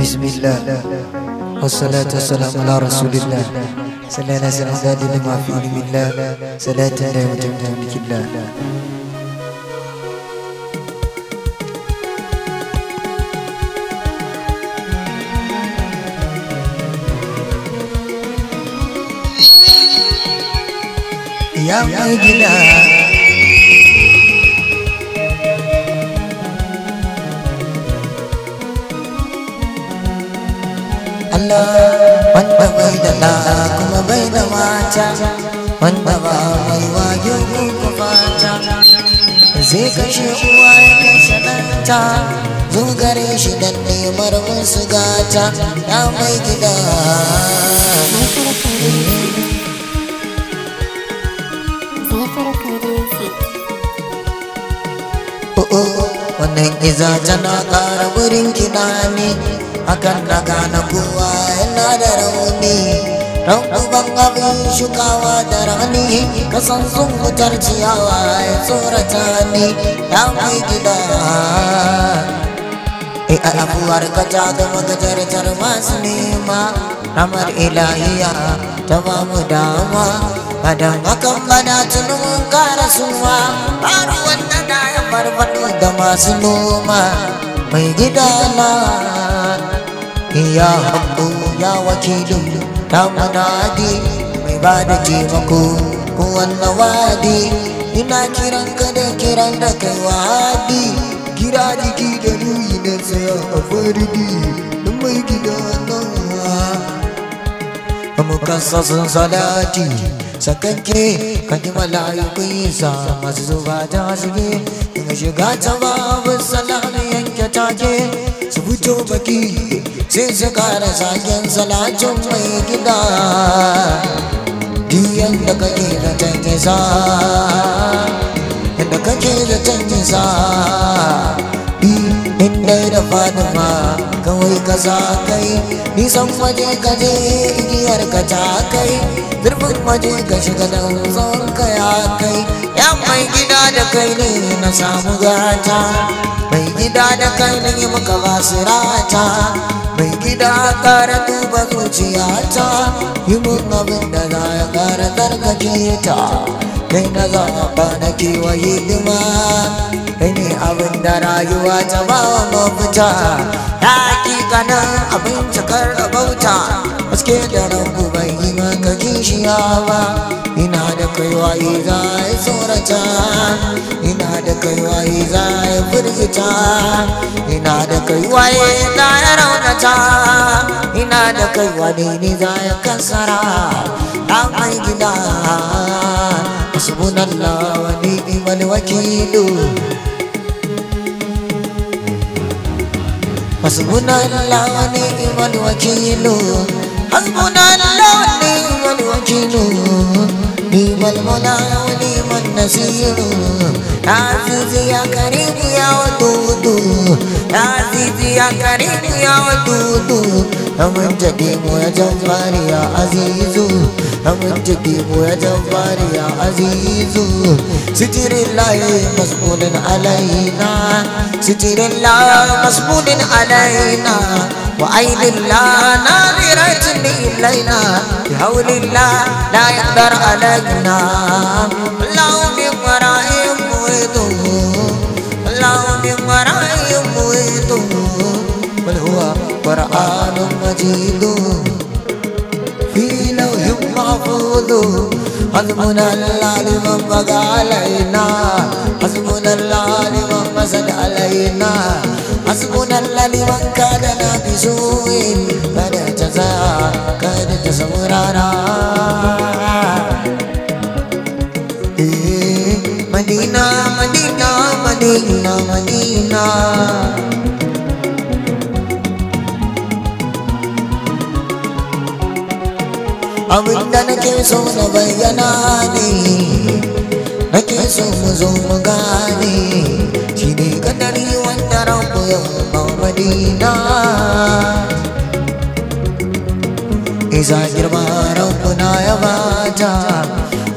بسم الله والصلاة والسلام على رسول الله صلى الله عليه لما في علم الله صلاة الله وتمتمك الله يا مجلال da kuma bai da mata wanda ba mai wayo ko fata zai kashe uwa ya kashe ɗanta zo shi don nemar musu gata ya mai gida oh, oh, wannan iza tana ƙara wurin kiɗa ne akan daga na kowa yana da rauni ran uban abin shukawa da rani kasan sun wutar ciyawa ya tsorata ni ya mai gida e a abuwar ka ta gama tar masu nema ramar ilahiya ta ba mu dama adam akan bana tunumin kara suwa baro wannan da ya farfado da masu noma mai gida na. ya hambu ya wakilu ta manadi mai ba da taimako ko wannan wadi ina kiran ka da kiran da kai wadi gira jiki da nuyi na tsaya a fardi don mai gida nan sun salati sakanke ke, yi mala'ikun yi sa masu zuba ta shige daga shiga ta babu salati take su fito baki sai su kara zagen salatin mai gida diyan da kake da tangiza da kake da tangiza in dai da fatima kawai ka za kai nisan waje ka je igiyar ka ta kai zurfin waje ka shiga dan zo gida da kai ne na samu gata mai gida da kai ne muka ba rata mai gida kara duba zuciyata yi mun abin da za ya kara tsarkake ta kai na ba na kewa hidima kai ne abin da rayuwa ta ba wa mafita na hakikanin abin cikar bauta haske da ranku bai yi maka kishiya ba ina kaiwa iza ya tsorata ina da kaiwa iza ina da kaiwa raunata ina da kaiwa wani hasbunallah wa ni'mal wakilu حسبنا الله ونعم الوكيل حسبنا الله ونعم الوكيل والمنى ونعم النصير عزيزي يا كريم يا ودود aziz ya karim ya wadudu amin jage mu ya jambari ya azizu amin jage mu ya jambari ya azizu sitirillahi masbulin alaina sitirillahi masbulin alaina وعين الله ناظرة إلينا بحول الله لا يقدر علينا مجيد في لوح محفوظ حسبنا العلي من بقى علينا حسبنا العلي من علينا حسبنا الذي من كادنا بسوء فلا جزاء كاد تسمرنا so na bayyana ne nake so mu zo mu gane shi ne kadari wanda rabu ya mamadina isa girma rabbuna ya bata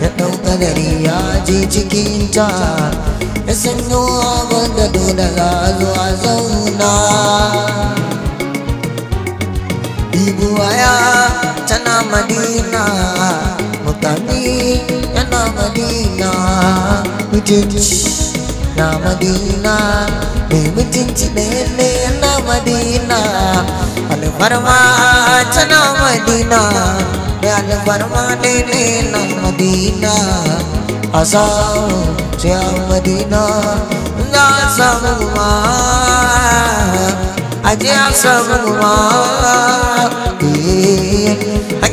ya ɗau kadari ya je cikinta ya sanyo abin da dole za a zauna Madina, Mutani yana Medina Mutunci na Medina Mai mutunci lele yana Medina Alfarma tana Medina Da alfarma lele na Medina Asamu sai Madina, Na samu ma Aje samu ma Eh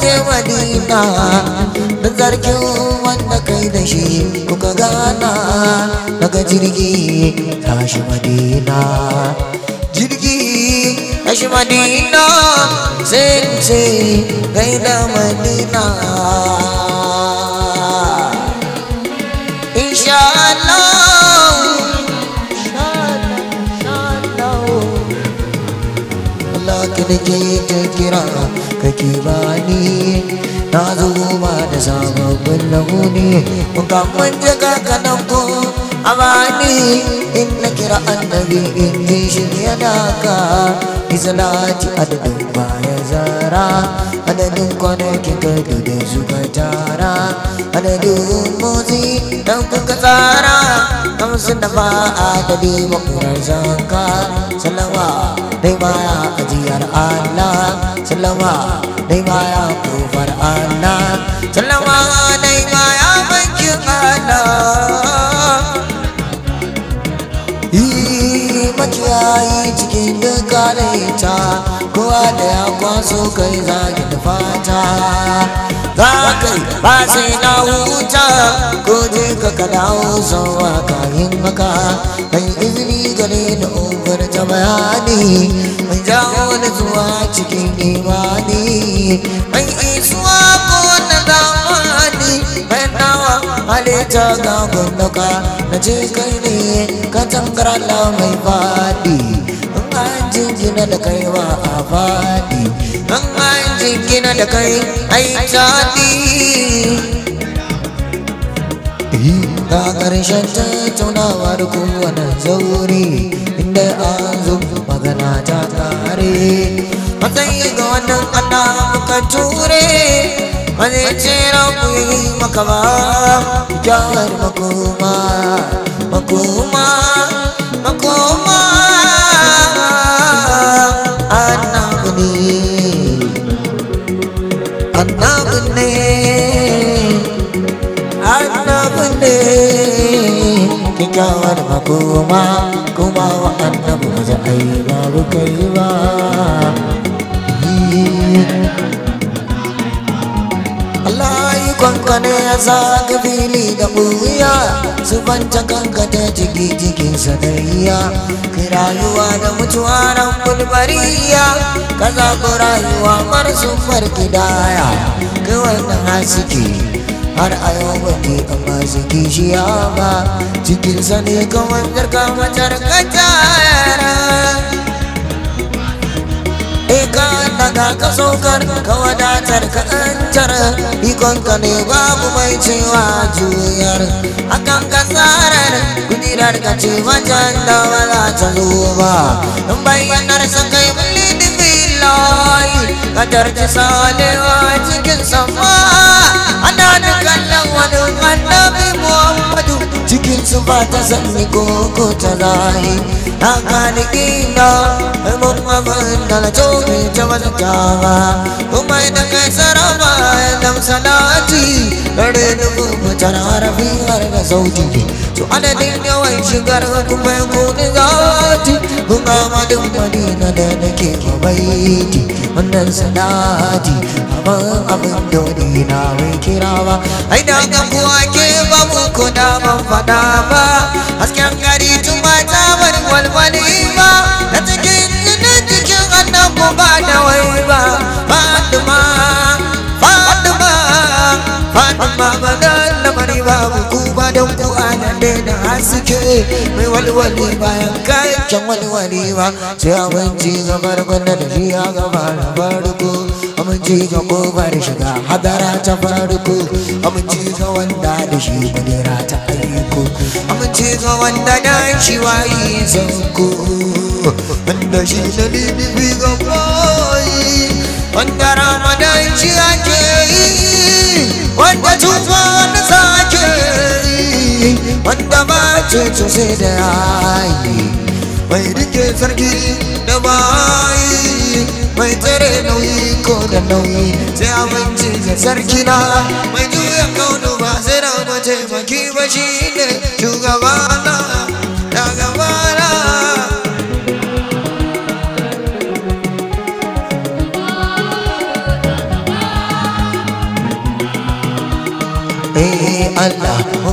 je madina da zargin wanda kai da shi kuka gana daga jirgi tashi madina jirgi tashi madina sai sai da madina insha Allah Allah kira kake bani na zo da da sababbin launi mun kan manja amani in na kira annabi in ji shi yana ka adadin baya zara adadin kwanakin gado da suka tara adadin motsi dan kuka tsara kamsu da ba adadi makurar zanka salama dai baya ajiyar allah salama dai baya kofar allah salama banza da ita kowa da ya kwaso kai za ki da fata za yi ba sai na huta ko je ka ka dawo sauwa kayan maka kai izini gare da ta bayani mai jawo da zuwa cikin imani mai isuwa ko na zamani mai nawa halitta ga gunduka na ce kai ne ka la mai faɗi jingina da kai wa a faɗi an an jingina da kai ai taɗi ga ƙarshen tattaunawar kowane zauri inda an zo magana ta tare matsayi ga wannan ana muka ture wani ce ku yi maka ba kyawar makoma makoma makoma annabi ne annabi ne kikawar makoma kuma wa annabi ba za a yi babu kai ba Allah yi kwankwane ya zaga fili da ɓuya su bancan kanka ta jiki jikinsa da iya rayuwa da mutuwa ran kulbariya ka zaɓi rayuwa marasun farkidaya kai wannan hasiki har a yau bake amma ziki shi ba cikin sani kamar jarka matar ka daga ka saukar ka wadatar ka antar ikonka ne babu mai cewa juyar akan ka tsarar kudirar ka ce wajen da wala ta zo ba in bayyanar sa kai da billahi ka tarci salewa cikin sama ana da kallon wani annabi cikin ba ta zanni koko ta layi na gane ina mun mamman da na jomi ta mantawa kuma idan kai sarama dan salati dare da kuma ta rarafi sauti to adadin yawan shigar kuma kuni zati kuma madin madina da nake mabaiti wannan salati amma abin da na mai kira ba ai da ga kuwa ke ba ko da ban fada ba hasken gari tuma ta walwali ba na cikin jinin jikin annabu ba da wai ba fatima fatima fatima ba da lamari ba ku ba don ku buɗe da haske mai walwali bayan kayan walwali ba sai abinci ga farkon da tafiya gaba da farko aminci ga kofar shiga hadara ta farko aminci ga wanda da shi kudura ta aiko aminci ga wanda da shi wayi zanko wanda shi da libibi ga koyi wanda ramadan shi ake yi wanda tutu ba ce ce da yayi mai rike sarki da bayi mai tsare nauyi ko da nauyi sai aminci da sarki na mai juya kaunu ba sai da mace maki ba shi ne shugaba na da gaba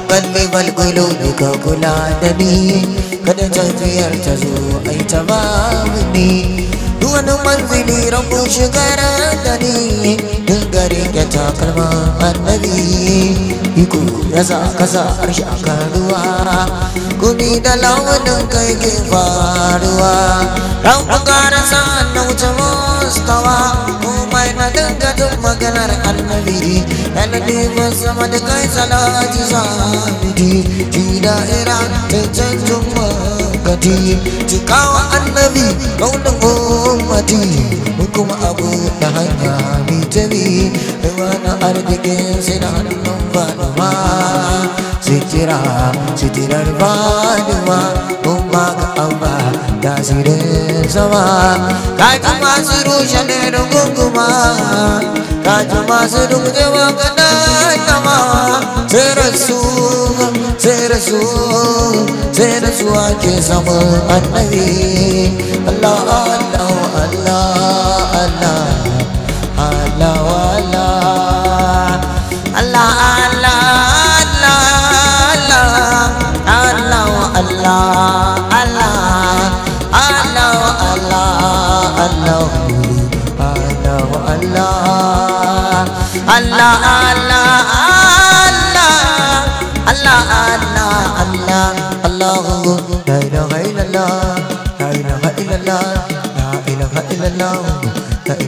kalbi walgulu ka kula kada tafiyar ta zo ai ta babu ni duk wani manzili rabu shigar da ni duk gare ka annabi iko ya sa kasa arshi a ruwa gumi da launin kai ke faruwa ran bangaren sa'an na wuce mustawa komai na dangadin maganar annabi ɗaliban sama da kai salati sabiti fi da'ira ta canjin makati cikawa annabi kaunin ummati hukuma abu da hanya mai tabi ruwa na arzikin sai da hannun fatima sitira sitirar fatima asirin sama kaji masu rushe ne da gunguma kaji masu dukje wa gada kama sai rasu sai rasu sai rasu ake samun annabi Allah Allah Allah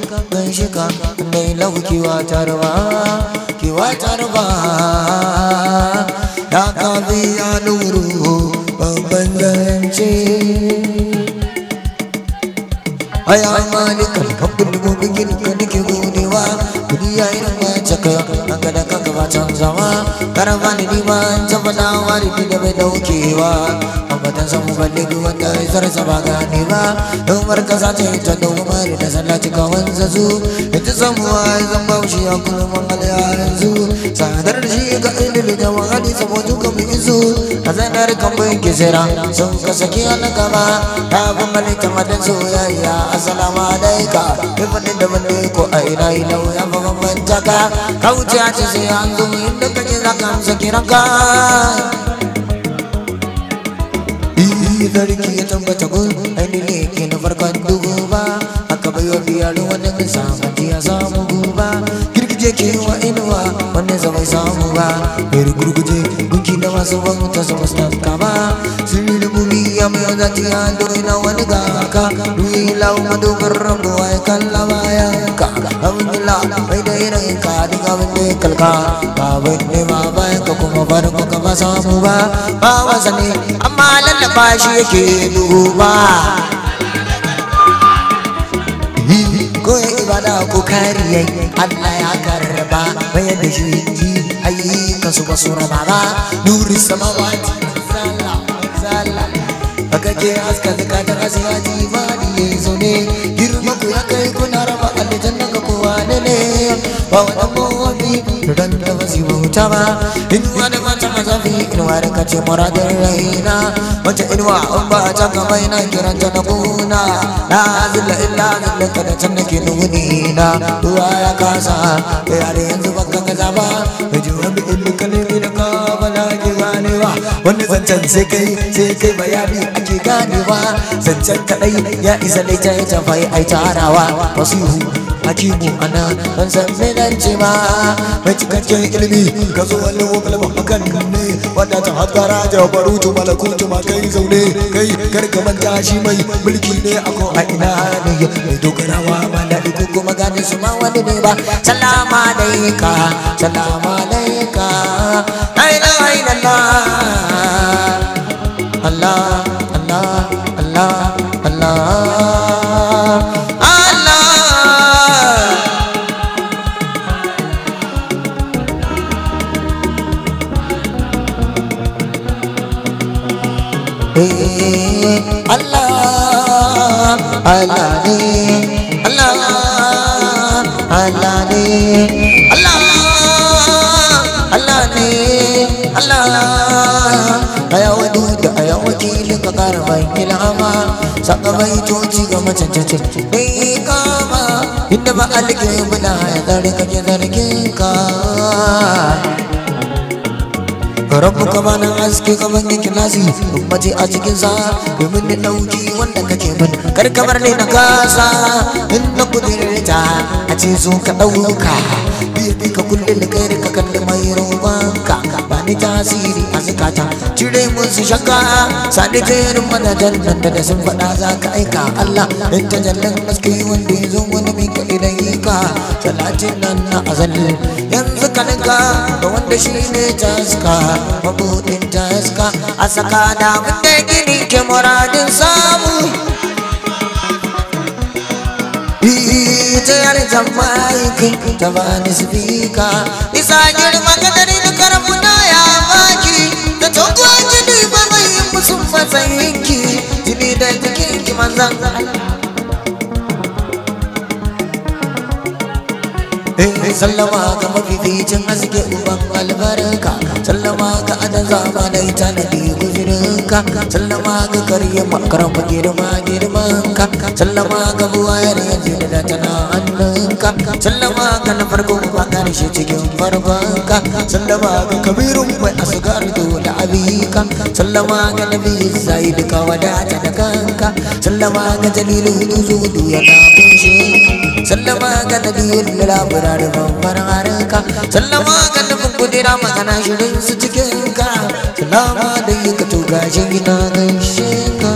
shika ban shika mai laukiwa tarba kiwa tarba da ka biya aya ka nake ya irin mace ka haka da ka zama karama ni ma tabbata wani da bai daukewa sa mu balle duk wanda ya zarsa ba gane ta da da sallah cika wanza su ita samu shi a mali yanzu da shi ga ilil mu isu azanar kan bai kisira sun ka saki gaba ta bin malika madan ka da ko a na ina ya ba a inda kake zaka sarki ya tambata gun ainihin ke na farkon dugu ba aka bayo biyarin wannan zamanci ya samu guba girgije ke wa inuwa wannan zama samu ba mai gurguje gunki na masu bauta su mustanka ba sun yi lubumi ya mai wanda ta ya dori na wani gaka duyi lau madogar rabuwa ya kalla ya ka abin da la mai da irin ka duk abin da ya kalka ba bai ne ma bayan ka kuma farko ba samu ba bawansa ne amma lallaba shi yake duba ko ibada ko kariyai Allah ya karba bayan da shi ji ayyukan su ba su raba ba nuri samawati zalla zalla aka ke aska zakatar asiyati ba ne zo ne girma ku ya kai kuna raba aljanna ga kowa ne ne ba wani ki bauta ba inuwa da mata mazafi inuwa da kace muradin raina wata inuwa in ba ta na kiranta na kuna na zilla illa zilla ka da can nake nuni na ruwa ya kasa ya yanzu baka gaza ba jawabi ilmi kalmi da ka bala ki ganewa wani zancen sai kai sai kai ake ganewa zancen kadai ya isa dai ta yi tafai ai tarawa fasihu hakimu ana ban san me dan ce ba mai cikakken ilimi ka zo wani wakalma hakan ne wanda ta hatsara da barutu malakutu ma kai zaune kai kar kaman manta shi mai mulki ne a ko a ina ne mai dogarawa ba da iko kuma gani su ma wani ne ba salama alaika salama alaika aina aina illallah Allah Allah Allah ka kara mai ilama saka mai coci ga macancace dai kama inda ba alike muna ya zare kake zarge ka rabu ka bani haske ka ban a cikin sa domin da wanda kake min kar ka bar ni na kasa in na ta a ce zo ka dauka bi ka kullum da kai ka kalli mai roba wani tasiri a zukata cire musu shakka sadi jerin mana jannata da sun faɗa za ka aika Allah in ta jallan maske wanda zo wani mai kaɗi da ka salatin nan na azalli yanzu ka ninka ga wanda shi ne taska mabuɗin taska a saka damun gini ke muradin samu Ita yar jama'a kin ta bani spika isa girma kadari manzan Allah sallama ga mafificin haske uban albarka sallama ga adan zamanai tanadi guzurinka sallama ga karya makaran girma girmanka sallama ga buwayar yanzu da tana hannunka sallama ga na farko ba karshe cikin farbanka sallama ga kabirun mai asgar dole abika sallama ga nabi zai duka wadata da kanka sallama ga jalilu zudu yana bin shi sallama ga nabiyul labrar babbar harka sallama ga nufin kudura magana shirin su cikin ka salama da yi ka tuga shi gina gaishe ka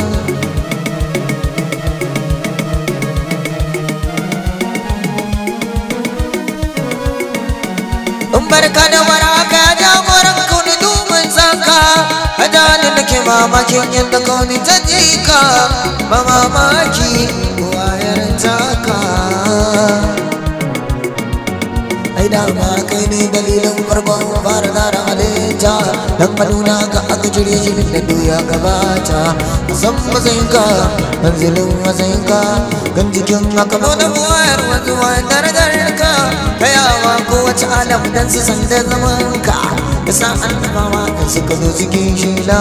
in barka da waraka ya jagoran kauni dumin zaka hada da nake mamakin yadda kauni ta jika ba mamaki wayar taka kai dama kai ne dalilin farkon fara gara halitta dan kaduna ka aka jire shi da doya gabata san matsayinka manzilin matsayinka kan jikin haka ba da wayar wazuwa darajar ka kayawa kowace alam dan su san da ka kasa annabawa da suka zo cikin shela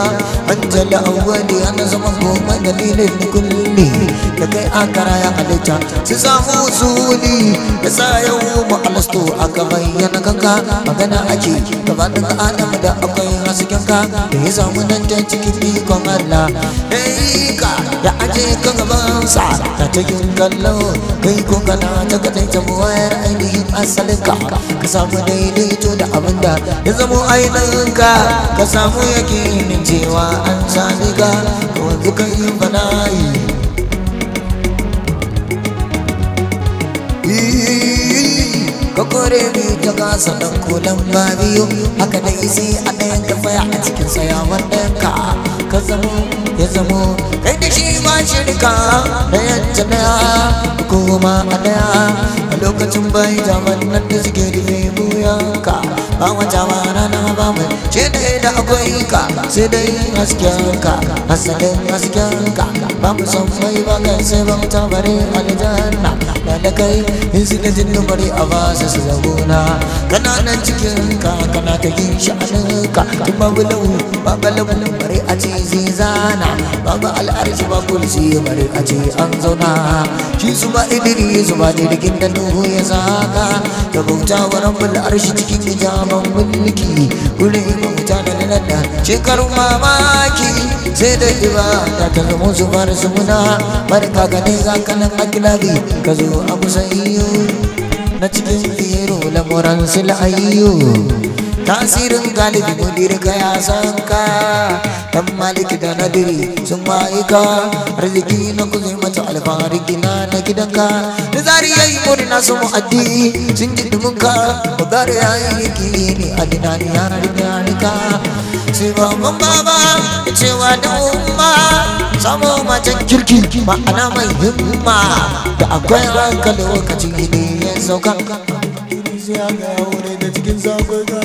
hajjar da awwali ana zaman goma dalilin da kulli da kai akara ya halitta su samu suli da sa yau mu alasto aka bayyana kanka magana ake gaba da adam da akwai hasken ka da ya samu nan ta cikin ikon Allah eh ka da aje ka gaban sa ta cikin kallo kai ko kana ta kadai ta muwayar ainihin asalin ka ka samu daidaito da abinda ya zamo ainihinka ka samu ni cewa an sami ka wanzu kan yi bana'i ka kore ta gasa ɗan kolon ba biyu haka dai isi a ɗayan ka faya a cikin saya wanda ka ka zamo ya zamo kai da shi ma shirka da yanta daya ko a daya a lokacin bai jaman nan da suke rufe ka bawa zamana na bamu shi dai da akwai ka sai dai hasken ka hasalin hasken ka bamu san mai ba kai sai bamu tabare aljanna na da kai in suka jin bari a ba su su zauna kana nan cikin ka kana ta yin sha'anin ka tun babu lau babu lau bari a ce zai zana babu al'arshi ba kulci bari a ce an zauna shi su ba idiri su ba jirgin da nuhu ya zaka da bauta wa rabbul arshi cikin ijaban mulki gurin bauta da ilalla shekarun mamaki sai da ibada ta zama zubar sumuna barka ga dai akilabi ka zo a kusa iyo na cikin fero lamuran ayyo tasirin galibi mudir gaya ya san ka dan malik da nadiri sun ma'aika arziki na kuzir mata alfahari gina na gidanka da zari ya yi murna su mu'addi sun ji dumunka bugar ya yi yaki ne a dinani ya riga rika sai baban baba cewa da umma samu macen kirki ma'ana mai himma da akwai ranka lokacin gini ya sauka ya ga wani da cikin zakwai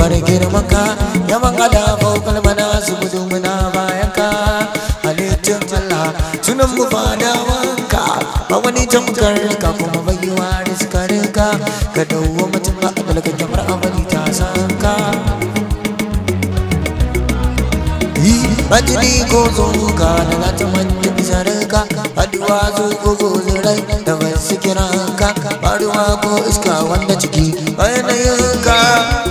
bar girmanka yawan ala faukal mana su gudu muna ka. halittun Allah sunan mu fadawanka ba wani jamkar ka kuma baiwa riskarinka ka dawo mutum ba a dalga jamar amali ta san ka Majini ko zuka da na ta manta bisarinka Haduwa zo ko zo zirai da wasu ka Baruwa ko iska wanda ciki bayanayinka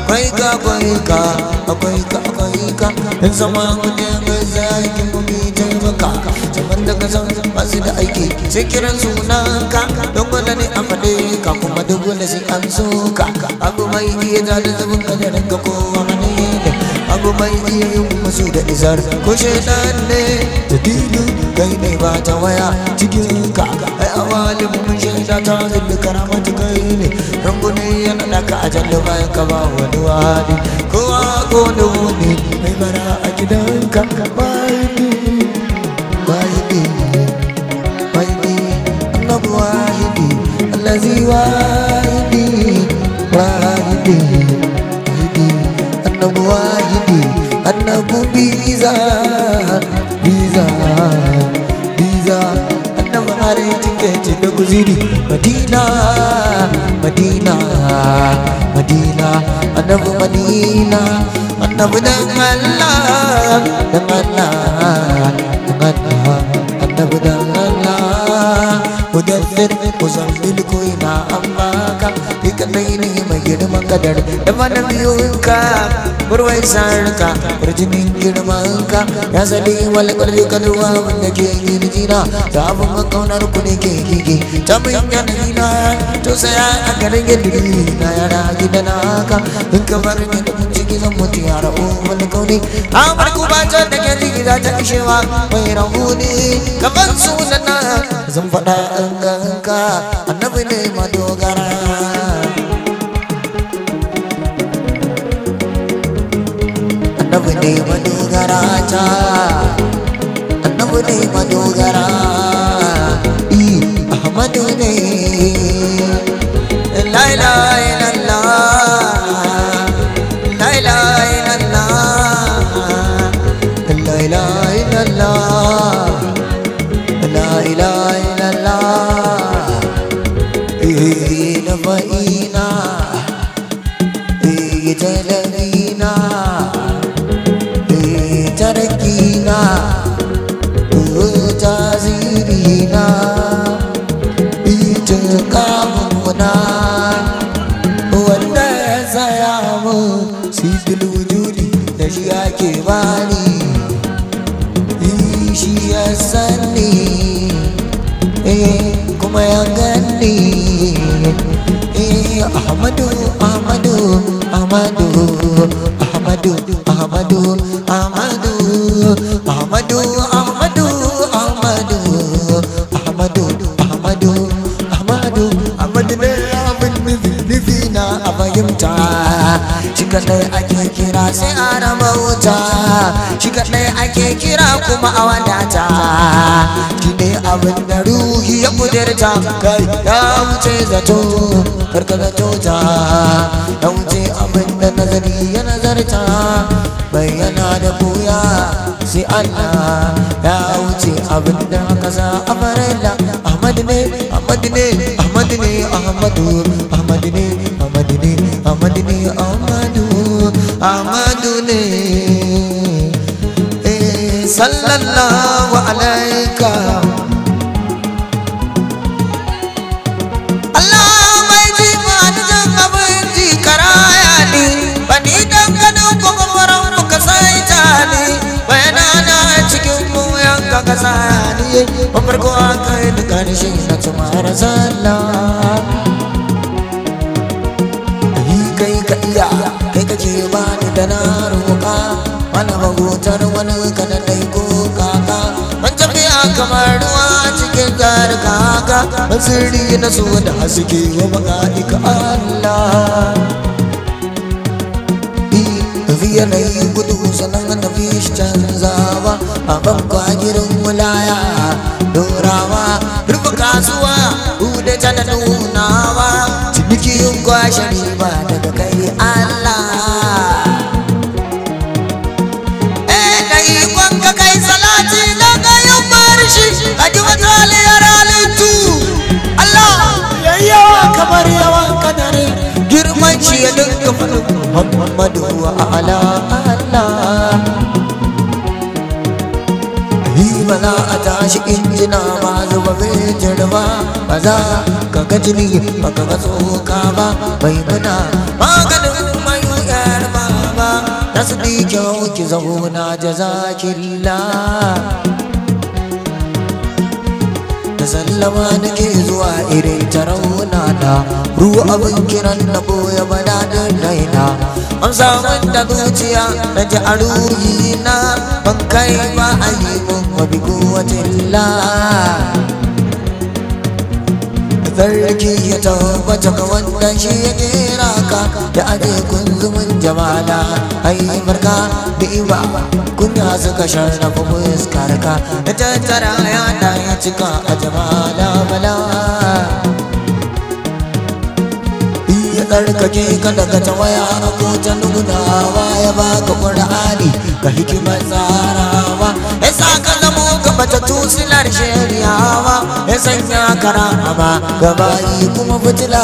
akwai ka akwai ka akwai ka akwai ka in zama kuje mai zaki kuma can baka zaman da kasan masu da aiki sai kiran sunan ka don gwada ne a faɗe ka kuma duk wanda sai an so ka abu mai iya da da zubin ka da ranka kowa ne abu mai iya yin musu da izar ko shaitan ne da dilu kai ne ba ta waya cikin ka ai awalin mun shaida ta zubi karamata kai ne rangune laka ajallu bayan ka ba wani wani kowa kone wuni mai bara a gidanka bayi ne bayi ne bayi ne annabu wahidi allazi wahidi wahidi wahidi annabu wahidi annabu biza biza biza mare tiketi da guzidi madina madina madina annabi madina annabi dan allah dan allah dan allah annabi dan kadai ne mai girman kadar da mana biyunka burwai sarka burjinin ka. ya zade wal wanda ke da abin makaunar ku ke ta min a garin gidiri na yara haka ka da ciki zan ta da mai rahuni kamar sunana zan faɗa an ganka annabi ne madogara ne madogara ta annabi ne e, Ahmadu ne kuma a wadata ki ne abin da ruhi ya kudirta kai ya wuce zato karka zato ya wuce abin da nazari ya nazarta bayyana da buya sai Allah ya wuce abin da a farilla Ahmad ne Ahmad ne Ahmad ne Ahmadu Ahmad ne Ahmad ne Ahmad ne Ahmadu Ahmadu ne sallallahu alaika Allah mai ji ma da jan abin karaya ne ba ni danganin kuma faran muka sai ta ne bayanana cikin mu yanka ka saya ne ba farko aka yi da ƙarshe na sallah kai ka iya kai kake ba ni da na roƙa mana bagotar wani kamar ruwa cikin tarika haka basiri na su da haske wa maka'ika Allah yanayi gudu sanan na canza canzawa a ban kwagirin wulaya dorawa rufe kasuwa bude ta da nunawa cinikin kwashe muhammadu wa ala allah za a tashi injina ba zuba fetur ba ba ka ga jini ba ka ga tsoka ba bai muna maganin mai yar ba ba kyau ki zauna jazakillah sallama nake zuwa irin taron muna da ruwa abin kiran na boye bada din raina an samun da zuciya na ji a ruhi na ban kai ba a yi mun wabi kuwatin la sarki ya tabbata ga wanda shi ya kera ka da ade kunzumin jamala ai barka da iba kunya suka sharrafa fuskar ka da tattara yana ya cika a jamala bala ya tsarkake ka daga tawaya ko ta nugunawa ya baka ƙur'ani ka hikimar tsarawa ya saka batattu silar shari'awa ya sanya karama gabayi kuma fitila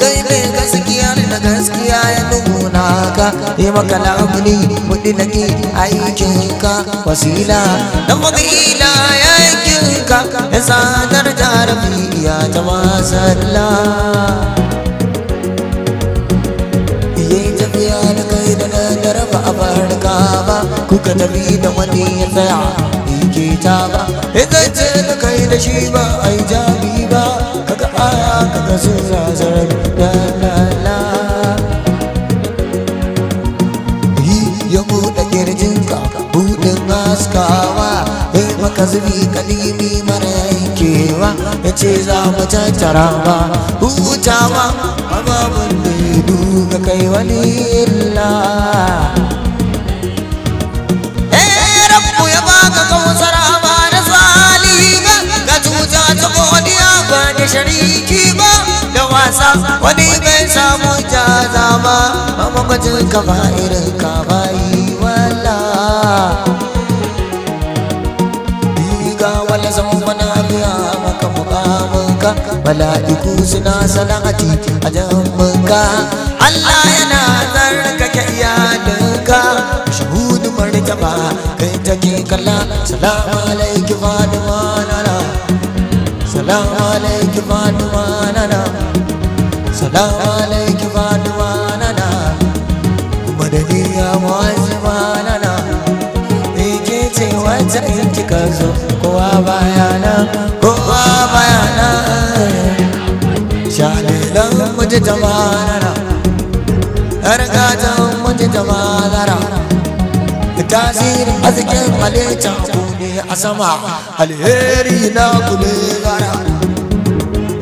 kai ne gaskiya da gaskiya ya nuna ka yi maka labuni kudi na ki aikinka wasila da fadila yakinka ya sadar da ya ta masalla yayi tafiya da kai da na raba abarka ba kuka tafi da wani ya tsaya ke ta ba idan ce da kai da shi ba a yi jami ba kaga aya kaga sun zazar da lala yi ya buɗe kirjinka buɗin haskawa ya yi maka zubi kalimi mara yankewa ya ce za mu tattara ba hutawa ba mun da duka kai wani illa ga godiya ba da shariki ba da wasa wani bai samu jaza ba ba makwacin ka ba irin ka yi wala ga wala zama wani abiya maka mukaminka mala'iku suna salati a jamminka Allah yana zarkake iyalinka shuhudu martaba kai take kalla salamu alaikum fatima Salam alayk vanwanana Salam alayk vanwanana Kumadani awaz vanana Eke te wata inki kazo Kwa bayana Kwa bayana Shalila mujita vanana Argata mujita vanana Tazir azke palita Kwa bayana ne a sama alheri na kule gara zara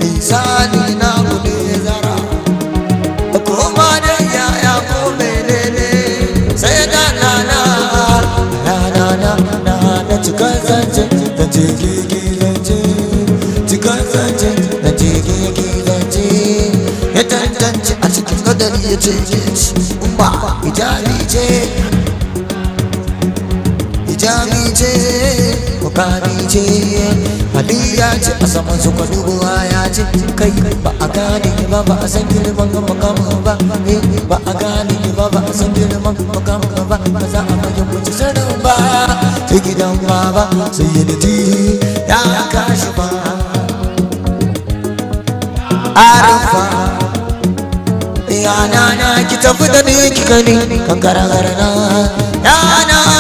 insani na ne zara ya da yaya ko menene sai na na na na na na na cikin zance na jirgi zance cikin zance na jirgi zance ya tantance a cikin kadari ya ce umma ita ce ce ya ce a saman su ka dubuwa ya ce kai ba a gane ba ba a san girman makamu ba eh, ba a gane ba ba a san girman makamu ba ba za a bayan kuce sanin ba ta gidan baba sai yi da ji ya kashi ba Arifa ya na na ki tafi da ni ki gani Ya na na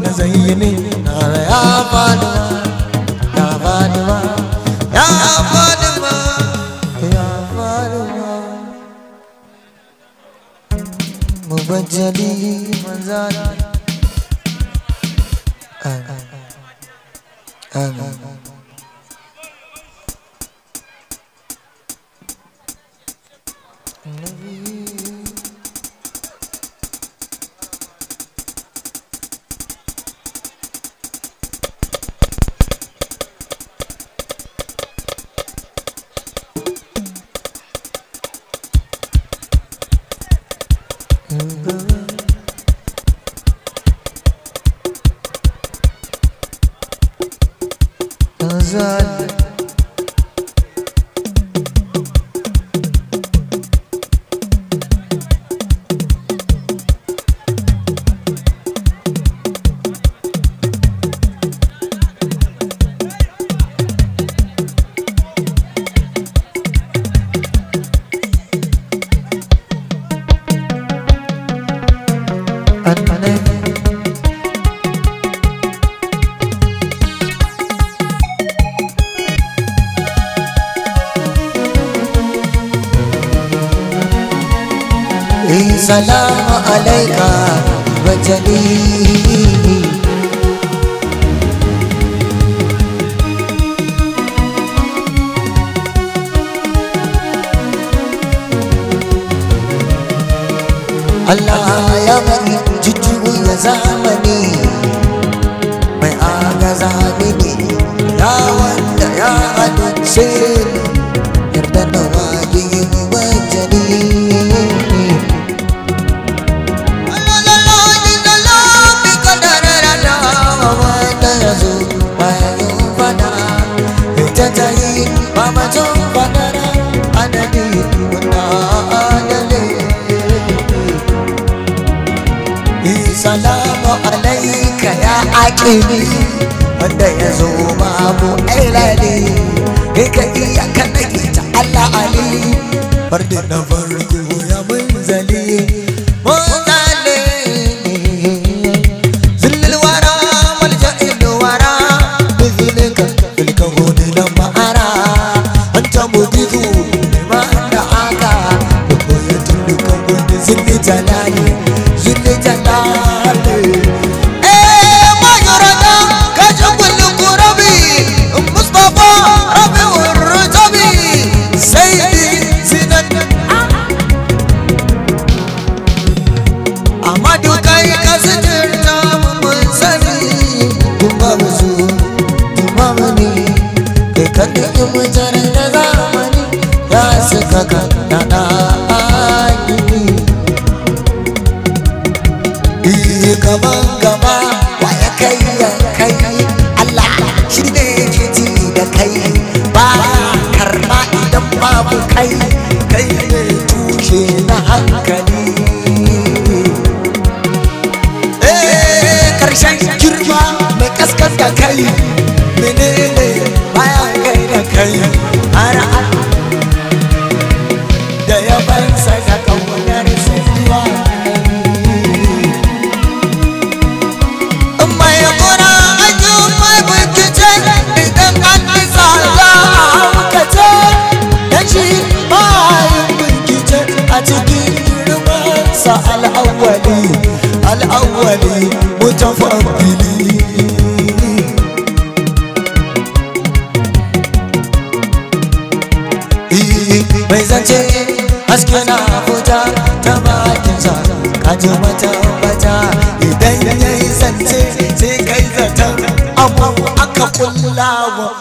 na zayyini na ya faɗi Insalamu alayka wa jalihi Allah ya mani jujju ya zamani Mai aga zamini Ya wanda ya adun kini wanda ya zo babu ailali kai ka iya ka ta Allah Ali fardin na farko ya mun zali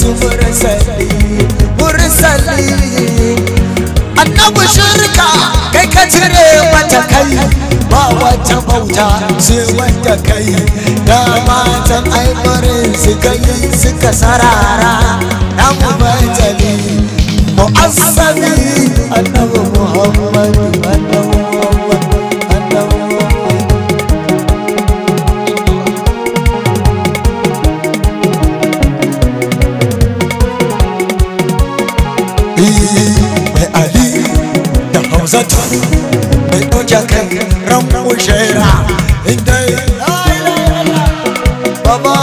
su mursalli mursalli annabi shirka kai ka cire mata kai ba wata bauta sai wanda kai da matan aibarin su kai suka sarara na mubajali mu'assami annabi muhammadu annabi ዘቶን በእጆች ያከረሙ ሸራ እንደ ባባ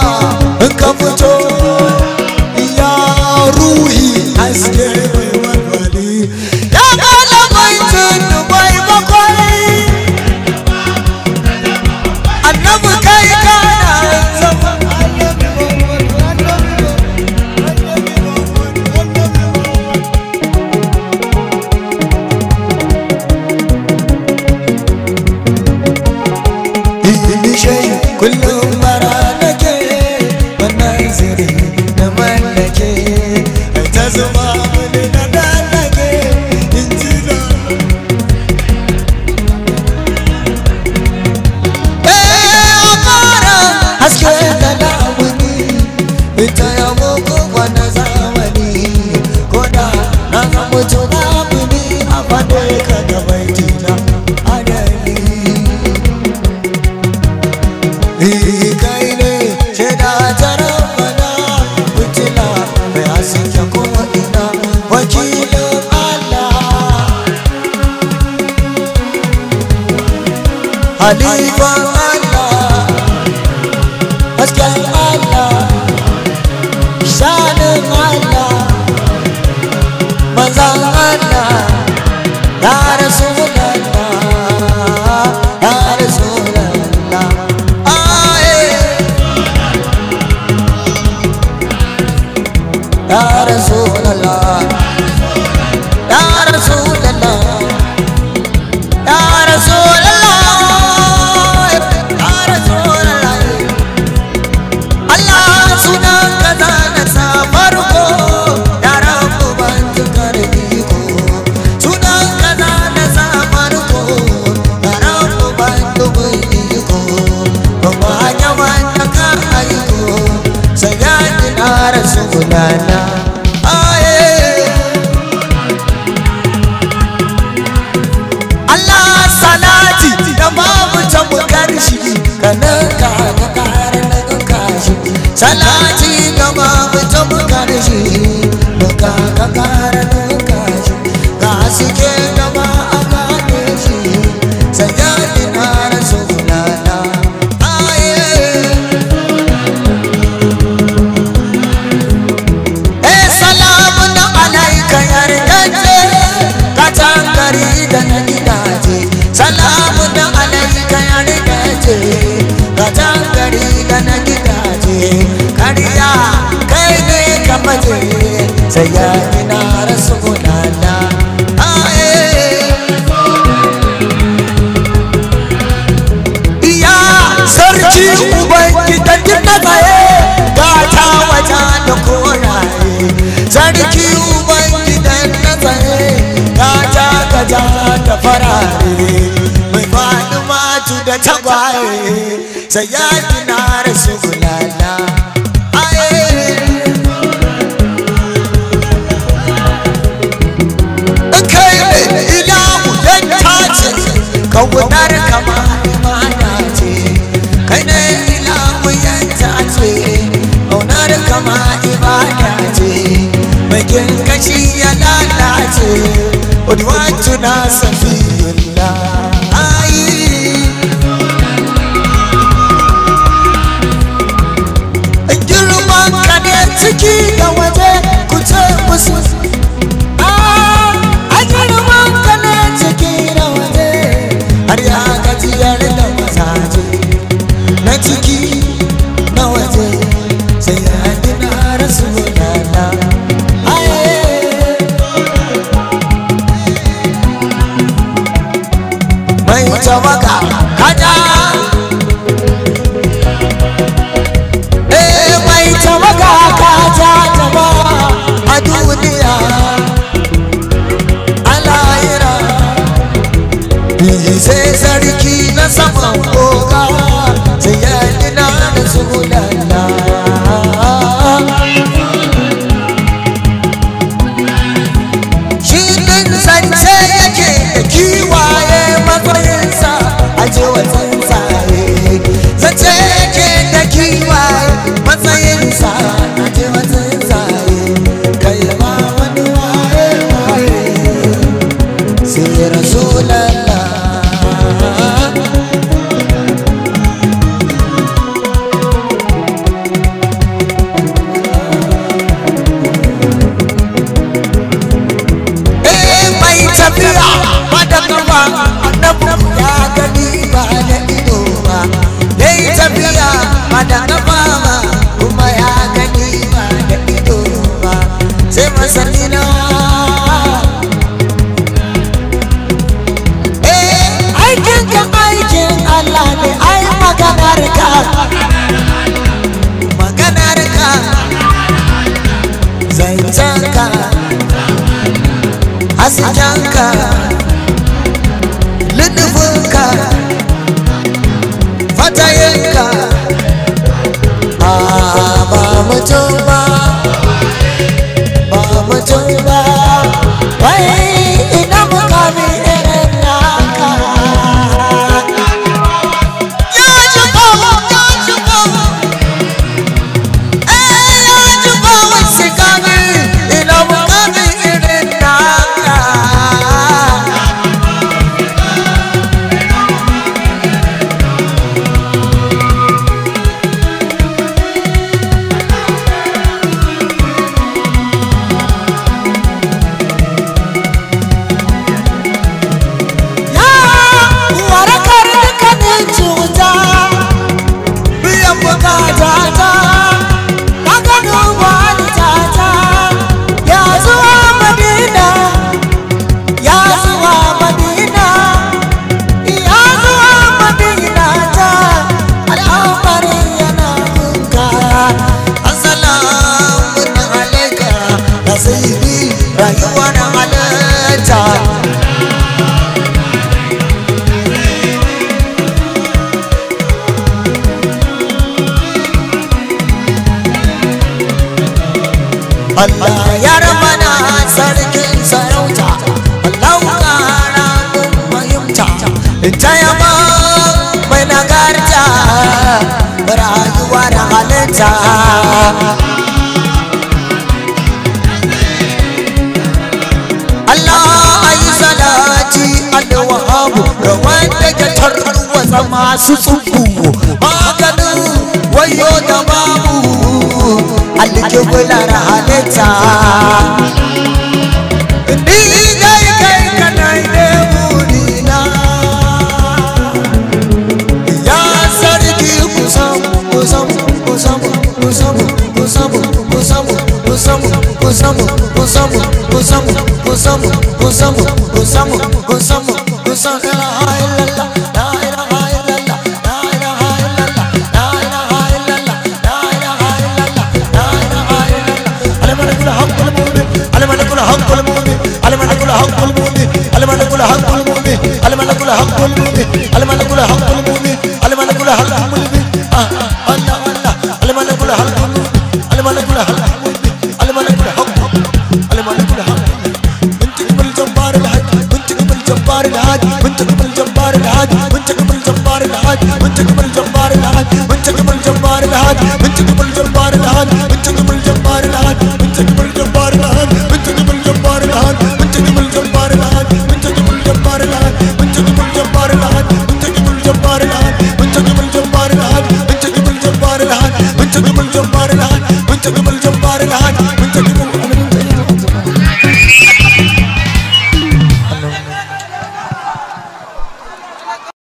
sarki ubangidan na tsaye ta taka ja ta farare mai faɗi matu da tabaye sai ya kina rasu bugun kashi ya lalace Odwatu na safiyullah слова maganin wayo da babu alkiblar halitta ni dai kai kana ne burina ya sarki kusan kusan kusan kusan kusan kusan kusan kusan kusan kusan kusan kusan kusan kusan kusan kusan kusan kusan kusan الملك الحق المبين الملك الحق المبين الملك الحق المبين الملك الحق المبين الملك الحق